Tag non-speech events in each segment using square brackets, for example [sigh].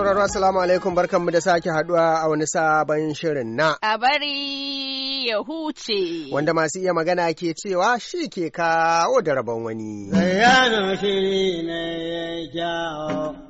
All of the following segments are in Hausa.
sauraro assalamu alaikum barkanmu da sake haduwa a wani sabon shirin na. A bari ya huce. Wanda masu iya magana ke cewa shi ke kawo da rabon wani. Bayanin shiri ne ya jawo.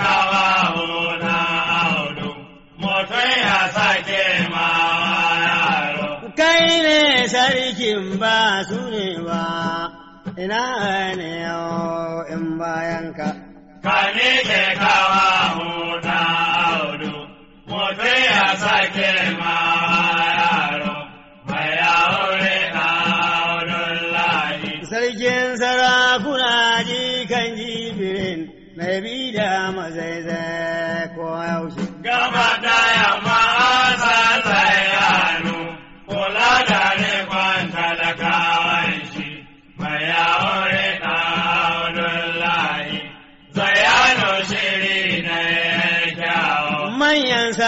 sarkin ba su ne ba, ina ne yau in bayanka. Ka ne ke kawa huta audu, mutu ya sake ma yaro, mai yaure na audun lahi. Sarkin sarakuna ji kan jibirin, mai bi da mazaizai ko yaushe. Gaba da yamma.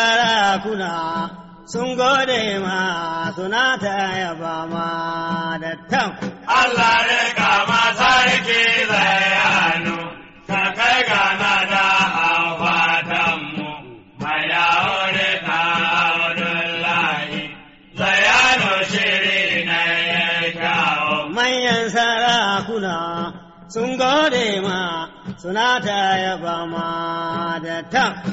sarakuna sun gode ma suna ta yaba ma da tan. Allah ne kama sarki zai hannu, ka kai gana da hafatanmu, mai aure ta Abdullahi, zai hannu shiri na ya kawo. Manyan sarakuna sun gode ma suna ta yaba ma da tan.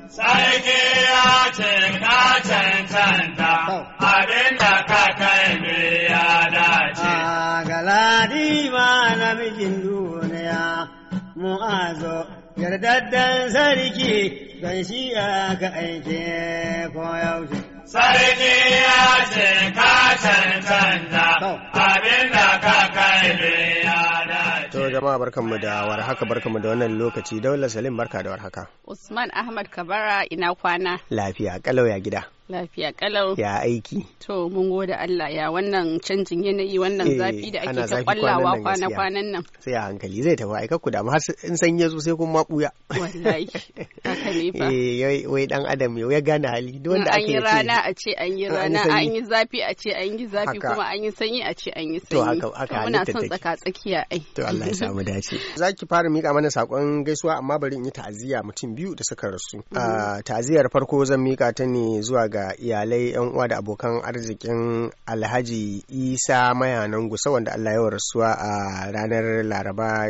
Sarki ya ce na cancanta abin da ka kai me ya dace. A galadi ma na mijin duniya mu'azo yardaddan sarki don shi aka aike ko yaushe. Sarki ya ce ka cancanta abin da ka kai me jama'a barkanmu da warhaka barkanmu da wannan lokaci Daula Salim barka da warhaka. Usman Ahmad Kabara ina kwana. Lafiya kalau ya gida. Lafiya kalau. Ya aiki. To mun gode Allah ya wannan canjin yanayi wannan eh, zafi da ake ta kwallawa kwana kwanan nan. Sai a hankali zai tafi aika ku da har in san ya zo sai kun ma buya. Wallahi. Haka ne fa. [laughs] Eh wai dan adam ya gane hali duk wanda ake yi. An yi rana a ce an yi rana an yi zafi a ce an yi zafi kuma an yi sanyi a ce an yi sanyi. To haka haka muna son tsaka tsakiya ai. To Allah ya samu dace. [laughs] Zaki fara mika mana sakon gaisuwa amma bari in yi ta'aziyya mutum biyu da suka rasu. Ah, Ta'aziyar farko zan mika ta ne zuwa ga ga iyalai yan uwa da abokan arzikin alhaji isa mayanan gusa wanda allah ya rasuwa a ranar laraba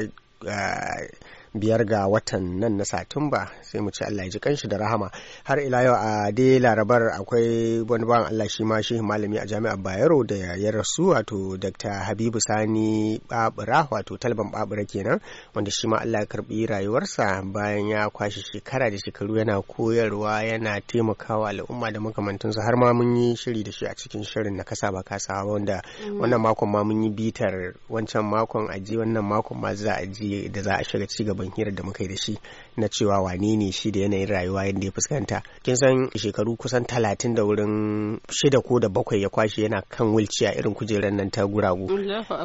biyar ga watan nan na satumba sai mu ci allah ya ji kanshi da rahama har ila yau a dai larabar akwai wani bawan allah shi ma shi malami a jami'ar bayero da ya rasu wato dr habibu sani babura wato talban babura kenan wanda shi ma allah ya karbi rayuwarsa bayan ya kwashe shekara da shekaru yana koyarwa yana taimakawa al'umma da makamantansu har ma mun yi shiri da shi a cikin shirin na kasa ba kasa wanda mm. wannan makon ma mun yi bitar wancan makon aji wannan makon ma za a ji da za a shiga ci gaba sabon hirar da muka yi da shi na cewa wane ne shi da yanayin rayuwa yadda ya fuskanta kin san shekaru kusan talatin da wurin shida ko da bakwai ya kwashe yana kan wilciya irin kujerar nan ta guragu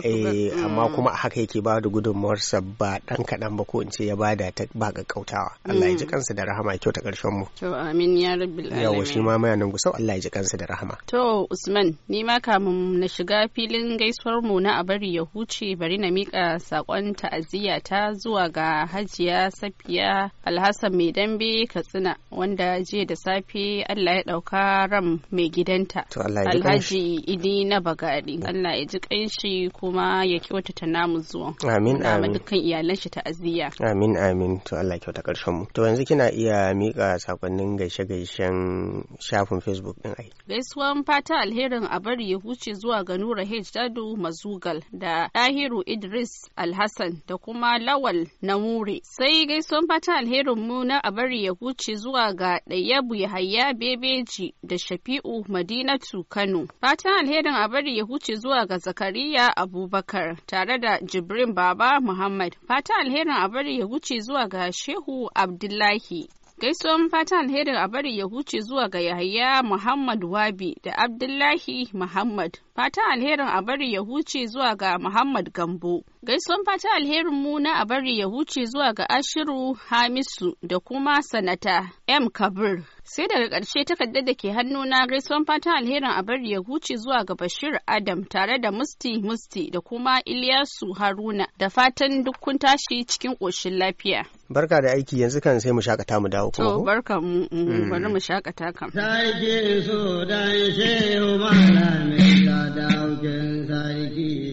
eh, amma mm. kuma a haka yake ba da sa ba dan kaɗan ba ko in ce ya ba da ta ba kautawa. Allah ya mm. ji kansa da rahama kyau ta ƙarshen mu to amin ya rabbil alamin yawa shi ma nan gusau Allah ya ji kansa da rahama to Usman ni ma kamun na shiga filin gaisuwar mu na abari ya huce bari na mika sakon ta'aziyya ta zuwa ga hajiya safiya alhassan mai dambe katsina wanda jiya da safe allah ya ɗauka ram mai gidanta alhaji idi na Bagadi. Mm. allah ya ji kanshi kuma ya kyautata namu zuwa. amin amin dukkan iyalan shi aziya. amin amin to allah ya kyauta karshen mu to yanzu kina iya mika sakonnin gaishe gaishen shafin facebook din ai gaisuwan fata alherin a bari ya huce zuwa ga nura h dadu mazugal da dahiru idris alhassan da kuma lawal namu more. Sai gaisuwan fata alherin mu na a bari ya huce zuwa ga Ɗayyabu Yahaya Bebeji da Shafi'u Madinatu Kano. fata alherin a bari ya huce zuwa ga Zakariya Abubakar tare da Jibrin Baba Muhammad. Fata alherin a bari ya huce zuwa ga Shehu Abdullahi. gaisuwan fata alherin a bari ya huce zuwa ga yahaya muhammad wabi da abdullahi muhammad Fata alherin a bari ya huce zuwa ga muhammad gambo Gaisuwan fata alherin mu na a bari ya huce zuwa ga Ashiru Hamisu da kuma Sanata M. Kabir. Sai daga ƙarshe takardar da ke hannu na gaisuwan fatan alherin a bari ya huce zuwa ga Bashir Adam tare da Musti Musti da kuma Ilyasu Haruna da fatan duk tashi cikin ƙoshin lafiya. Barka da aiki yanzu kan sai mu shakata mu dawo kuma. To barka mu mm, mm. bari mu shakata kam. Sarki so dan shehu da daukin sarki.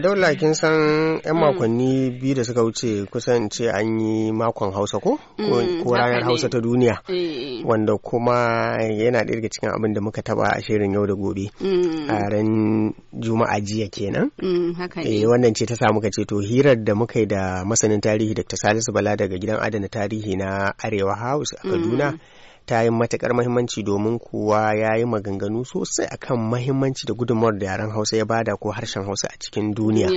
daula mm. kin san yan mm. makonni biyu da suka wuce kusan ce an yi makon hausa ko ko mm, ranar hausa ta duniya eh, eh. wanda kuma yana ɗaya daga cikin abin da muka taba a shirin yau da gobe a ran juma'a jiya kenan eh wannan ce ta samu ka ce to hirar da muka yi da masanin tarihi dr salisu bala daga gidan adana tarihi na arewa house a kaduna ta yi matukar mahimmanci domin kowa ya yi maganganu sosai akan mahimmanci da gudunmawar da yaren hausa ya bada ko harshen hausa a cikin duniya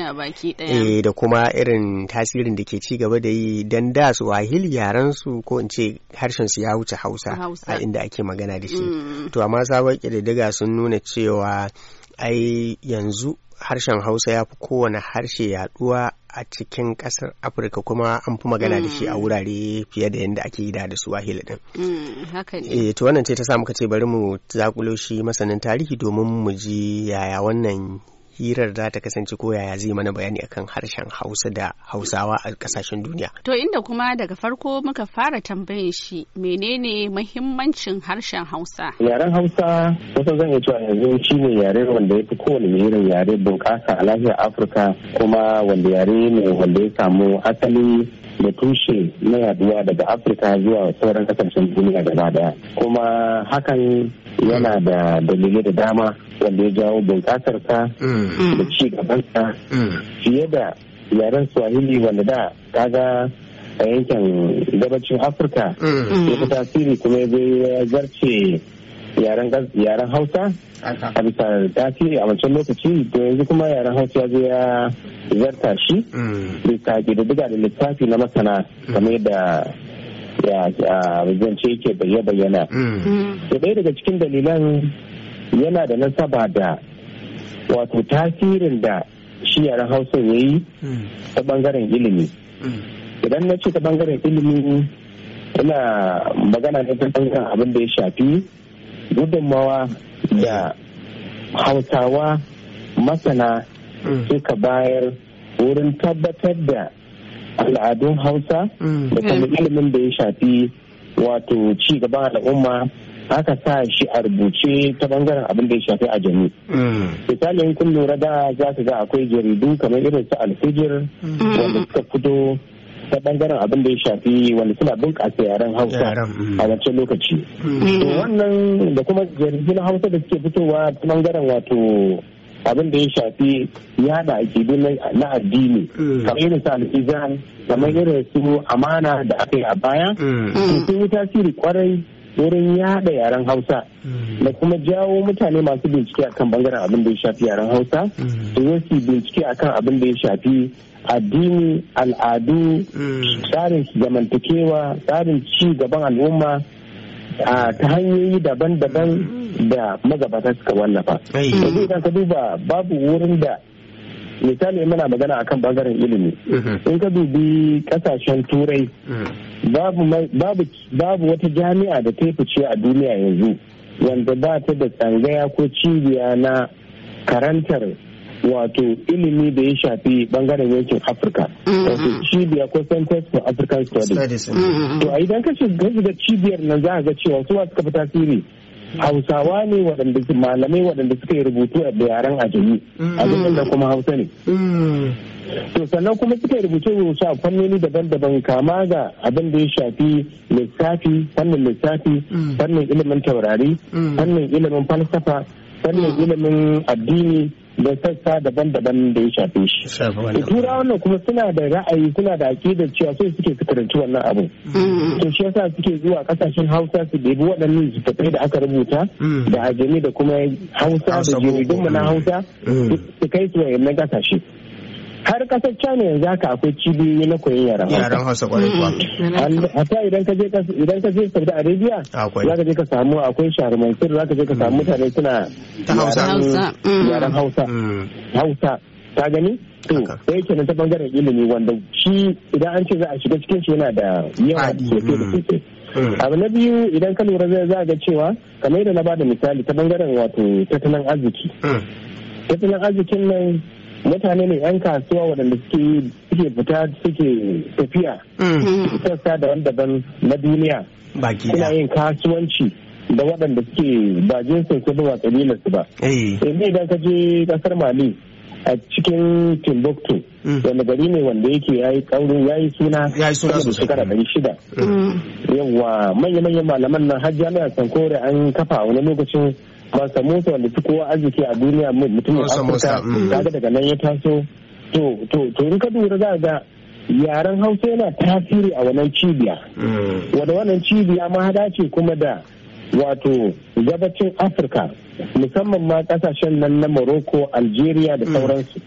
e, da kuma irin tasirin da ke ci gaba da yi dan da su wahili yaren su ko in ce harshen su ya wuce hausa a inda ake magana da shi mm. to amma sabon kididdiga sun nuna cewa ai yanzu harshen hausa ya fi kowane harshe yaduwa a cikin kasar afirka kuma an fi magana da shi a mm. wurare fiye da yadda ake yi da da swahili din mm, eh to wannan ce ta sa muka ce bari mu zakulo shi masanin tarihi domin mu ji yaya wannan hirar za ta kasance ko yaya zai mana bayani akan harshen hausa da hausawa a kasashen duniya to inda kuma daga farko muka fara tambayin shi menene mahimmancin harshen hausa yaren hausa wata zan iya cewa yanzu shi ne yare wanda ya fi kowane irin yare bunƙasa a lafiyar afirka kuma wanda yare ne wanda ya samu asali da tushe na yaduwa daga afirka zuwa sauran kasashen duniya gaba daya kuma hakan yana da dalilai da dama wanda ya jawo ka mm. da ci gabansa mm. fiye da yaren swahili wanda da ga a yankin gabacin afirka mm. ya fi tasiri kuma ya zarce yaren hausa a bisa tasiri a wancan lokaci da yanzu kuma yaren hausa ya zo ya zarta shi bisa ƙididdiga da littafi na masana kamar da ce yake bayyana. To ɗaya daga cikin dalilan yana da nasaba da wato tasirin da shi yaran hausa ya yi mm. ta bangaren ilimi. Mm. Idan na ce ta bangaren ilimi ina magana ne ta bangaren abin da ya shafi gudunmawa da hausawa masana mm. suka bayar wurin tabbatar da al'adun hausa mm. da kuma ilimin da ya shafi wato ci gaban al'umma aka sa shi a rubuce ta bangaren abin da ya shafi a jami. Mm. Misali in kun lura da za ka ga akwai jaridu kamar irin su alfijir mm. wanda suka fito ta bangaren abin da ya shafi wanda suna bunƙasa yaren hausa a wancan lokaci. To wannan da kuma jaridun hausa da suke fitowa ta bangaren wato abin da ya shafi yada akidu na addini mm. kamar irin su al'izan kamar irin su amana da aka yi a baya mm. sun yi mm. tasiri kwarai wurin yada yaren hausa da kuma jawo mutane masu bincike akan bangaren abin da ya shafi yaren hausa da wasu bincike akan abin da ya shafi addini al'adu tsarin zamantakewa tsarin ci gaban al'umma ta hanyoyi daban-daban da magabata suka wallafa. Yanzu idan ka duba babu wurin da misali muna magana akan bangaren ilimi mm-hmm. in ka dubi kasashen turai mm-hmm. babu wata jami'a da ta fice a duniya yanzu wanda ba ta da tsangaya ko cibiya na karantar wato ilimi da ya shafi bangaren yankin afirka mm-hmm. wato cibiya ko centers for african studies mm-hmm. Mm-hmm. to a idan ka shiga cibiyar nan za a ga cewa suwa suka fi tasiri hausawa ne waɗanda malamai waɗanda suka yi rubutu da yaren A abin da kuma hausa ne to sannan kuma suka yi rubutu a fannoni daban-daban kama ga abin da ya shafi lissafi fannin lissafi fannin ilimin taurari fannin ilimin falsafa fannin ilimin addini da sassa daban-daban da ya shafe shi. Turawa wannan kuma suna da ra'ayi suna da aƙidar cewa so suke fitarci wannan abu. Mm. To shi yasa suke zuwa kasashen Hausa su debi waɗannan littattafai da aka rubuta mm. da ajami da kuma Hausa da jaridun na mm. Hausa su kai su wayannan kasashe. har kasar china yanzu haka akwai cibiyoyi na koyon yaran yaran hausa kwarai idan ka je idan ka je saudi arabia za ka je ka samu akwai sharmansir za ka je ka samu mm. mutane suna yaran hausa hausa ta mm. mm. gani to sai kenan ta bangaren ilimi wanda shi idan an ce za a shiga cikin shi yana da yawa abu na biyu idan ka lura zai za ga cewa kamar yadda na bada misali ta bangaren wato tattalin arziki tattalin arzikin nan mutane ne yan kasuwa waɗanda suke suke fita suke tafiya mm. sassa daban-daban na duniya suna yin kasuwanci da waɗanda suke ba jinsin su ba kabilar su ba yanzu eh. eh, idan ka je ƙasar mali a cikin timbuktu mm. wanda gari ne wanda yake ya yi ƙaurin ya yi suna ya yi suna shekara ɗari shida mm. yawa manya-manyan malaman nan har jami'ar sankore an kafa wani lokacin ba samosa wanda su kowa arziki a duniya mutumin afirka kaga mm. daga nan ya taso to to to in ka dubi za ga yaren hausa yana tasiri a wannan cibiya mm. wanda wannan cibiya ma hada ce kuma da wato gabacin afirka musamman ma kasashen nan na morocco algeria da mm. sauransu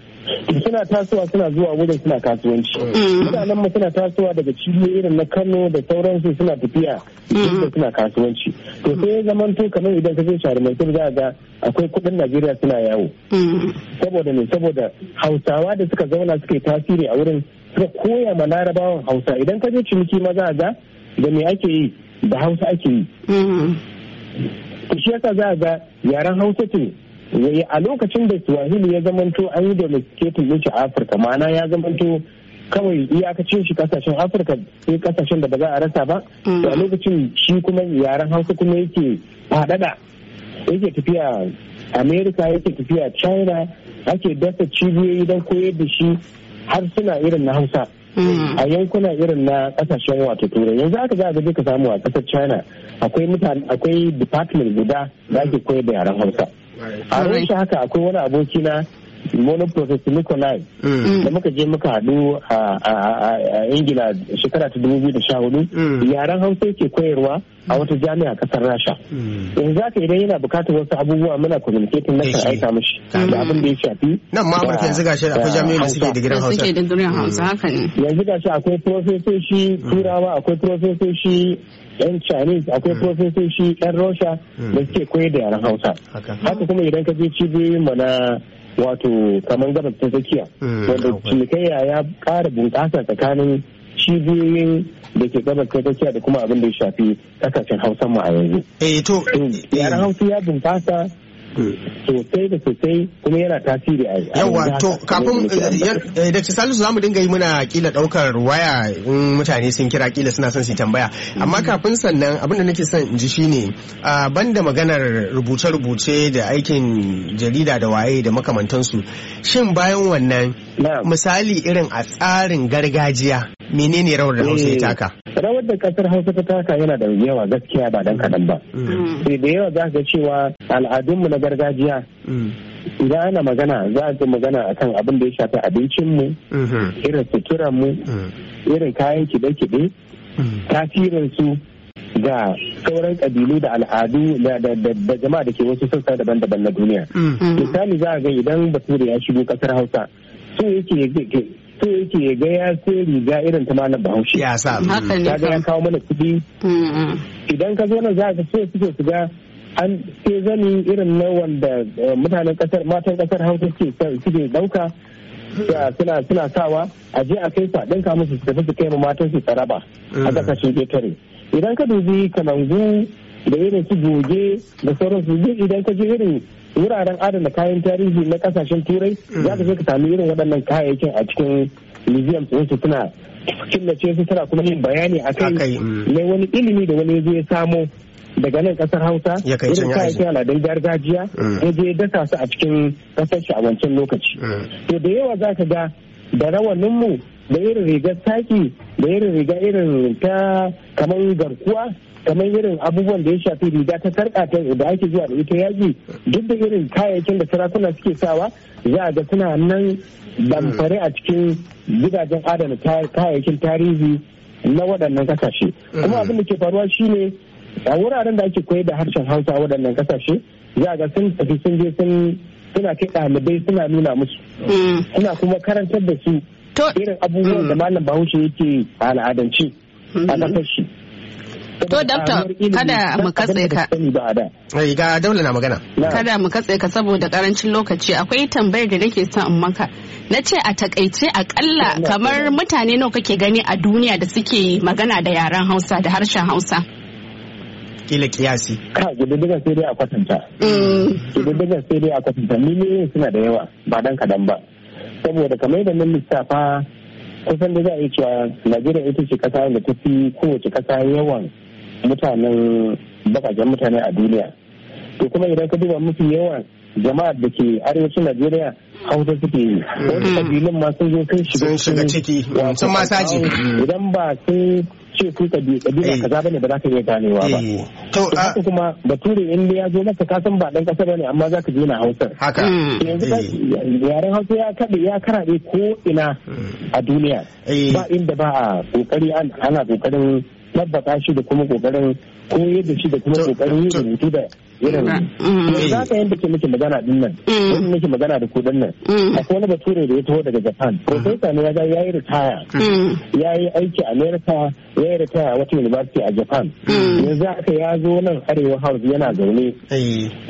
suna tasowa suna zuwa wurin suna kasuwanci mm. mutanen mu suna tasowa daga cibiyoyi irin na Kano da sauransu suna tafiya mm. inda suna kasuwanci to sai ya zama zamanto kamar idan ka je shari mai za ga akwai kudin Najeriya suna yawo mm. saboda ne saboda Hausawa da suka zauna suka yi tasiri a wurin suka koya ma Larabawan Hausa idan ka je ciniki ma za ga da me ake yi da Hausa ake yi to shi yasa za ga yaren Hausa ce Eh, a lokacin da swahili ya zamanto an yi domesticating din shi a afirka ma'ana ya zamanto kawai iyakacin shi kasashen afirka sai kasashen da ba za a rasa ba mm. to a lokacin shi kuma yaren hausa kuma yake faɗaɗa yake tafiya amerika yake tafiya china ake dasa cibiyoyi don koyar da shi har suna irin na hausa mm. a yankuna irin na kasashen wato turai yanzu aka za a ka samu a kasar china akwai mutane akwai department guda da ake koyar da yaren hausa a shi haka akwai wani abokina wani professor nikolai da muka je muka haɗu a ingila shekara ta dubu biyu da sha hudu mm. yaren hausa yake koyarwa a wata jami'a kasar rasha In za ka idan yana bukatar wasu abubuwa muna communicating na kan aika mashi da abin da ya shafi nan ma amurka yanzu gashi akwai jami'o'i da suke digirin hausa mm. suke hausa haka ne yanzu gashi akwai profesoshi mm. turawa akwai profesoshi yan chinese akwai profesoshi yan russia da suke koyar da yaren hausa haka kuma idan ka je cibiyoyin mana. wato kamar gabas ta tsakiya hmm. wanda cinikayya ya ƙara bunƙasa tsakanin cibiyoyin da ke gabas ta tsakiya da kuma abin da ya shafi kasashen hausa mu a yanzu. Eh to. Yaran hausa ya bunƙasa sosai da sosai kuma yana tasiri a yawa to kafin eh, eh, eh, da salisu za mu dinga yi muna kila daukar waya in mutane sun kira kila suna son su tambaya amma kafin sannan abin da nake son in ji shine banda maganar rubuce-rubuce da aikin jarida da waye da makamantansu shin bayan wannan misali irin a tsarin gargajiya menene rawar da hausa ya eh, taka rawar da kasar hausa ta taka yana da yawa gaskiya ba dan kaɗan ba sai mm. eh, da yawa za ga cewa al'adunmu na gargajiya mm. idan ana magana za a ji magana akan abin da ya shafi abincinmu mm-hmm. irin suturanmu mm. irin kayan kiɗe-kiɗe tasirinsu ga sauran kabilu da al'adu da jama'a da ke wasu sassa daban-daban na duniya misali za a ga idan bature ya shigo kasar hausa so yake so yake ya ga ya sai riga irin ta malam bahaushe ya sa ya kawo mana kuɗi idan ka zo nan za ka so suke su ga an sai zani irin na wanda eh, mutanen kasar matan kasar hausa suke suke ɗauka suna suna sawa a je a kai faɗin ka musu su tafi su kai matan su tsaraba a kasashen mm. ƙetare idan ka dubi kanangu da irin su goge da sauransu duk idan ka je irin wuraren adana kayan tarihi na kasashen turai mm. za ka ka sami irin waɗannan kayayyakin a cikin museum su suna killace su suna kuma yin bayani a kai mm. ne wani ilimi da wani zai samo daga nan kasar hausa irin kayayyakin aladun gargajiya mm. ya je dasa su a cikin kasar shi a wancan lokaci to da yawa za ka ga da rawaninmu da irin rigar taki da irin riga irin ta kamar garkuwa kamar irin abubuwan da ya shafi riga ta sarka ta da ake zuwa da ita yaji duk da irin kayayyakin da sarakuna suke sawa za a ga suna nan damfare a cikin gidajen adana kayayyakin tarihi na waɗannan kasashe kuma mm-hmm. abin da ke faruwa shine a wuraren da ake koyar da harshen hausa a waɗannan kasashe za a ga sun tafi sun je sun suna kai ɗalibai suna nuna musu mm. suna kuma karantar da su irin abubuwan da mm. malam bahaushe yake a al'adance a kasar mm. To dafta kada mu katse ka. Eh, ga daula na magana. Kada mu katse ka saboda karancin lokaci akwai tambayar da nake son in maka. Na ce a takaice akalla kamar mutane nawa kake gani a duniya da suke magana da yaren Hausa da harshen Hausa. Kila kiyasi. Ka gudunduga sai dai a kwatanta. Gudunduga mm. sai dai a kwatanta ne suna da yawa ba dan kadan ba. saboda kamar yadda nan lissafa kusan da za a yi cewa najeriya ita ce kasa da ta fi kowace kasa yawan mutanen bakajen mutane a duniya to kuma idan ka duba mafi yawan jama'ar da ke arewacin Najeriya hausa suke yi. Wani hmm. kabilun ma sun zo sun shiga ciki. Sun masaji. Idan ba sun ce ku kabila eh. kaza bane ba za ka iya ganewa ba. Eh. To haka kuma bature in ya zo maka ka san ba dan kasa bane amma za ka je na Hausa. Haka. Hmm. yaren Hausa ya kaɗe ya karaɗe ko ina hmm. a duniya. Eh. Ba inda ba a kokari ana kokarin tabbata shi da kuma kokarin koyar da shi da kuma kokarin yin rubutu da Mm-hmm. Mm-hmm. za ka yanda ke miki magana din nan wani mm-hmm. miki magana da kudin nan akwai wani bature da ya taho daga japan profesa ne ya yi ritaya ya yi aiki america ya yi ritaya wata university a japan yanzu haka ya zo nan arewa house yana zaune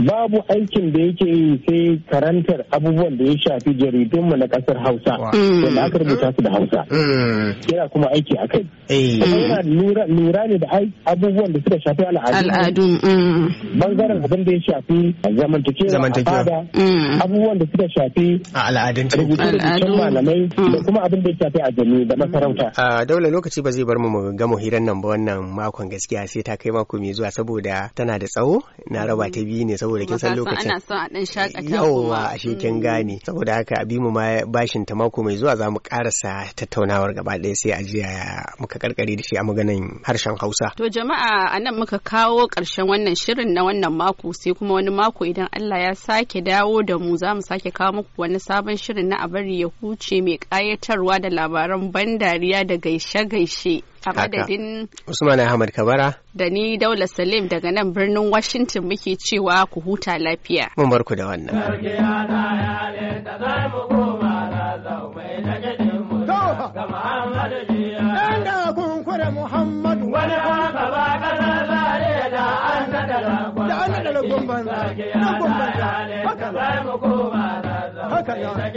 babu aikin da yake yi sai karantar abubuwan da ya shafi jaridunmu na kasar hausa wanda aka rubuta su da hausa yana kuma aiki a kai yana lura ne da abubuwan da suka shafi al'adu bangaren Mm. abin da ya shafi zamantakewa a fada mm. abubuwan da suka shafi a al'adun rubutun malamai mm. da kuma abin da ya shafi a jami da masarauta a daular lokaci ba zai bar mu ga mu hirar nan ba wannan makon gaskiya sai ta kai mako mai zuwa saboda tana da tsawo na raba ta biyu ne saboda kin san lokacin ana son a dan shakata a shekin gane saboda haka a mu ma bashin ta mako mai zuwa za mu karasa tattaunawar gaba ɗaya sai a jiya muka karkare da shi a maganin harshen Hausa to jama'a anan muka kawo ƙarshen wannan shirin na wannan mako mako sai kuma wani mako idan Allah ya sake dawo da mu za mu sake kawo muku wani sabon shirin na abari ya huce mai kayatarwa da labaran ban dariya da gaishe-gaishe. A madadin Usman Ahmad Kabara. Da ni Daula Salim daga nan birnin Washington muke cewa ku huta lafiya. Mun barku da wannan. Muhammad wani haka ba da an ragon banza ragon banza haka na haka na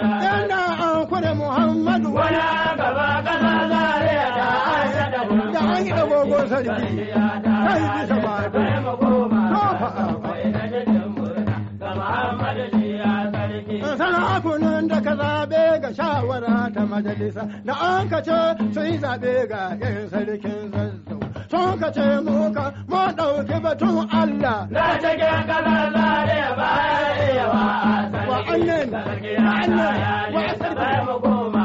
yana an da muhammadu wani gaba kasa zare da aisha da da an yi dagogo sarki ta yi bisa ba ta sarakunan da ka zaɓe ga shawara ta majalisa da an ka ce sun zaɓe ga 'yan sarkin zazzau tun ka ce muka mu ɗauki batun Allah. Na cikin kalar lare ba ya iya wa asali. Wa annan, wa annan, wa asali. Sai mu koma,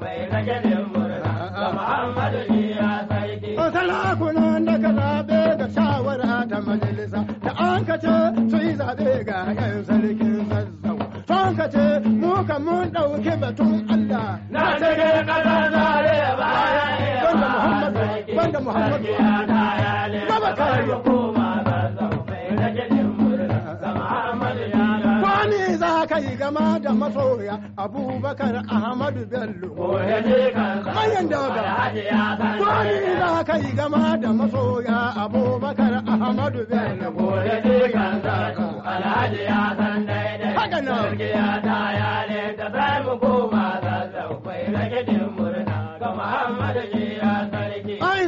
mai rage ne murna, ga Muhammadu ni ya saiki. Salakunan da ka zaɓe ga shawara ta majalisa, da an ka ce su yi zaɓe ga yan sarkin zazzau. Tun ka ce muka mun ɗauki batun Allah. Na cikin kalar lare da Muhammadu. Kwani za ka yi gama da masoya Abubakar Ahmadu Bello. Mayan daga. Kwani za ka yi gama da masoya Abubakar Ahmadu Bello. Alhaji ya san daidai. Haka Sarki ya ta yare da za mu koma zazzau. Kwai rage murna ga Muhammadu ne.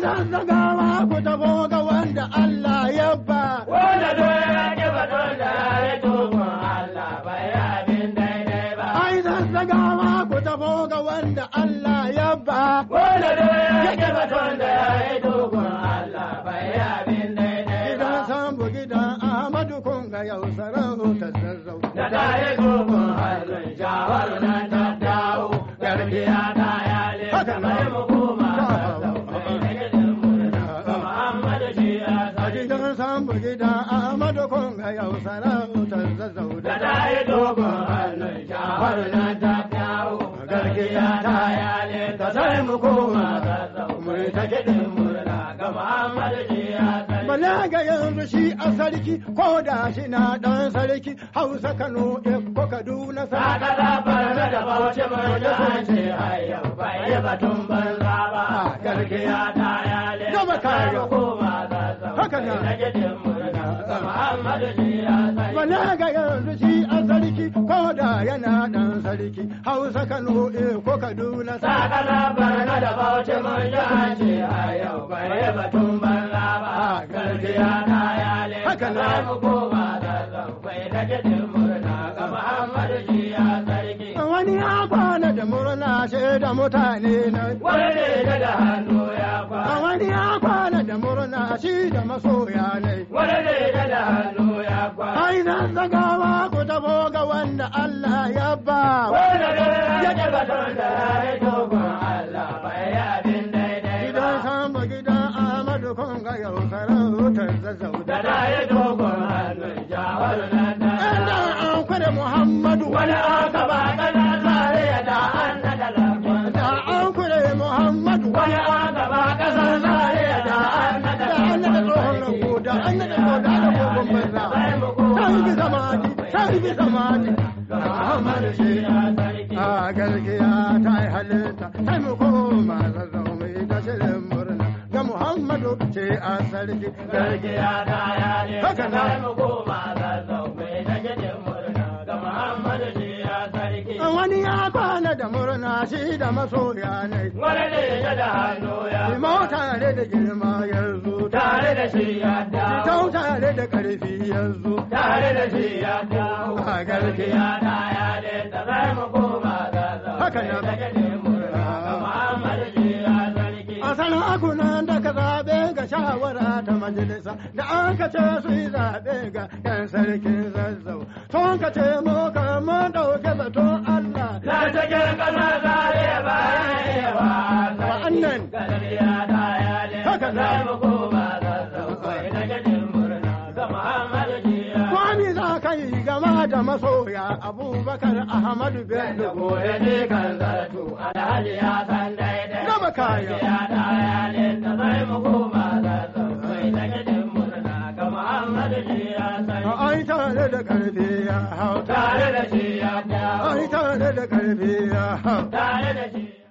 zazzagawa ku taho ga wanda Allah ya ba. Wanda doya ya ke ba da ya tukun Allah ba ya bin daidai ba. Ai zazzagawa ku taho ga wanda Allah ya ba. Wanda doya ya ke ba da ya tukun Allah ba ya bin daidai ba. Idan sambu gidan Ahmadu kun ga yau sarau ta zazzau. Da da ya tukun Allah jawar na a yau sarautar zazzau da ta yi dogon hannun shahar na ta kyawo gargiya ta yale ta sai mu koma zazzau mu ta kiɗin murna ga Muhammad ya Bala ga yanzu shi a sarki ko da shi na ɗan sarki Hausa Kano Ekko Kaduna sa. Ka da barna da bauchi mai da hanci har yau bai yi batun banza ba gargiya ta yale ta sai mu koma zazzau mu ta kiɗin murna. Bala ga yanzu shi a sarki ko da yana ɗan sarki Hausa kan e eh, ko Kaduna. Sakala barna da bauchi mun yi a yau bare batun banza ba garbiya ta yale. Haka na. Za mu koma da zankwai da jidin wani ya kwana da murna shi da mutane na wani ne da hannu ya kwana wani ya kwana da murna shi da masoya ne wani ne da hannu ya kwana ai nan zagawa ku tabo ga wanda Allah ya ba Wani ne ya ke tun da ya yi dogon Allah bai abin daidai ba gidan ba gidan Ahmadu kun ga yau karar wutar zazzau da da ya dogon Allah jawar nan da an kware Muhammadu wani sarki sarki ya daya ne haka na mu koma ga zaube da gidan murna ga muhammadu ne ya sarki wani ya kwana da murna shi da masoya ne wani ne ya da hannu ya imo tare da girma yanzu tare da shi ya dawo tau tare da karfi yanzu tare da shi ya dawo a garki ya daya ne da zai mu koma ga zaube da gidan majalisa da an ka ce su yi zaɓe ga yan sarkin zazzau tun ka ce mu ka mun ɗauke zaton Allah. Na cikin ƙasa zare bayan yawa ya Wa'annan. Galariya ta yale. Haka za mu koma zazzau kai na gajin murna ga Muhammadu Jiya. Kwami za ka yi gama da masoya Abubakar Ahmadu Bello. Da goye ne kan zartu alhali ya san daidai. Gama kaya. Galariya ya yale ta zai mu koma zazzau. Ai tare da karfi ya hau. da shi ya hau. Ai tare da shi.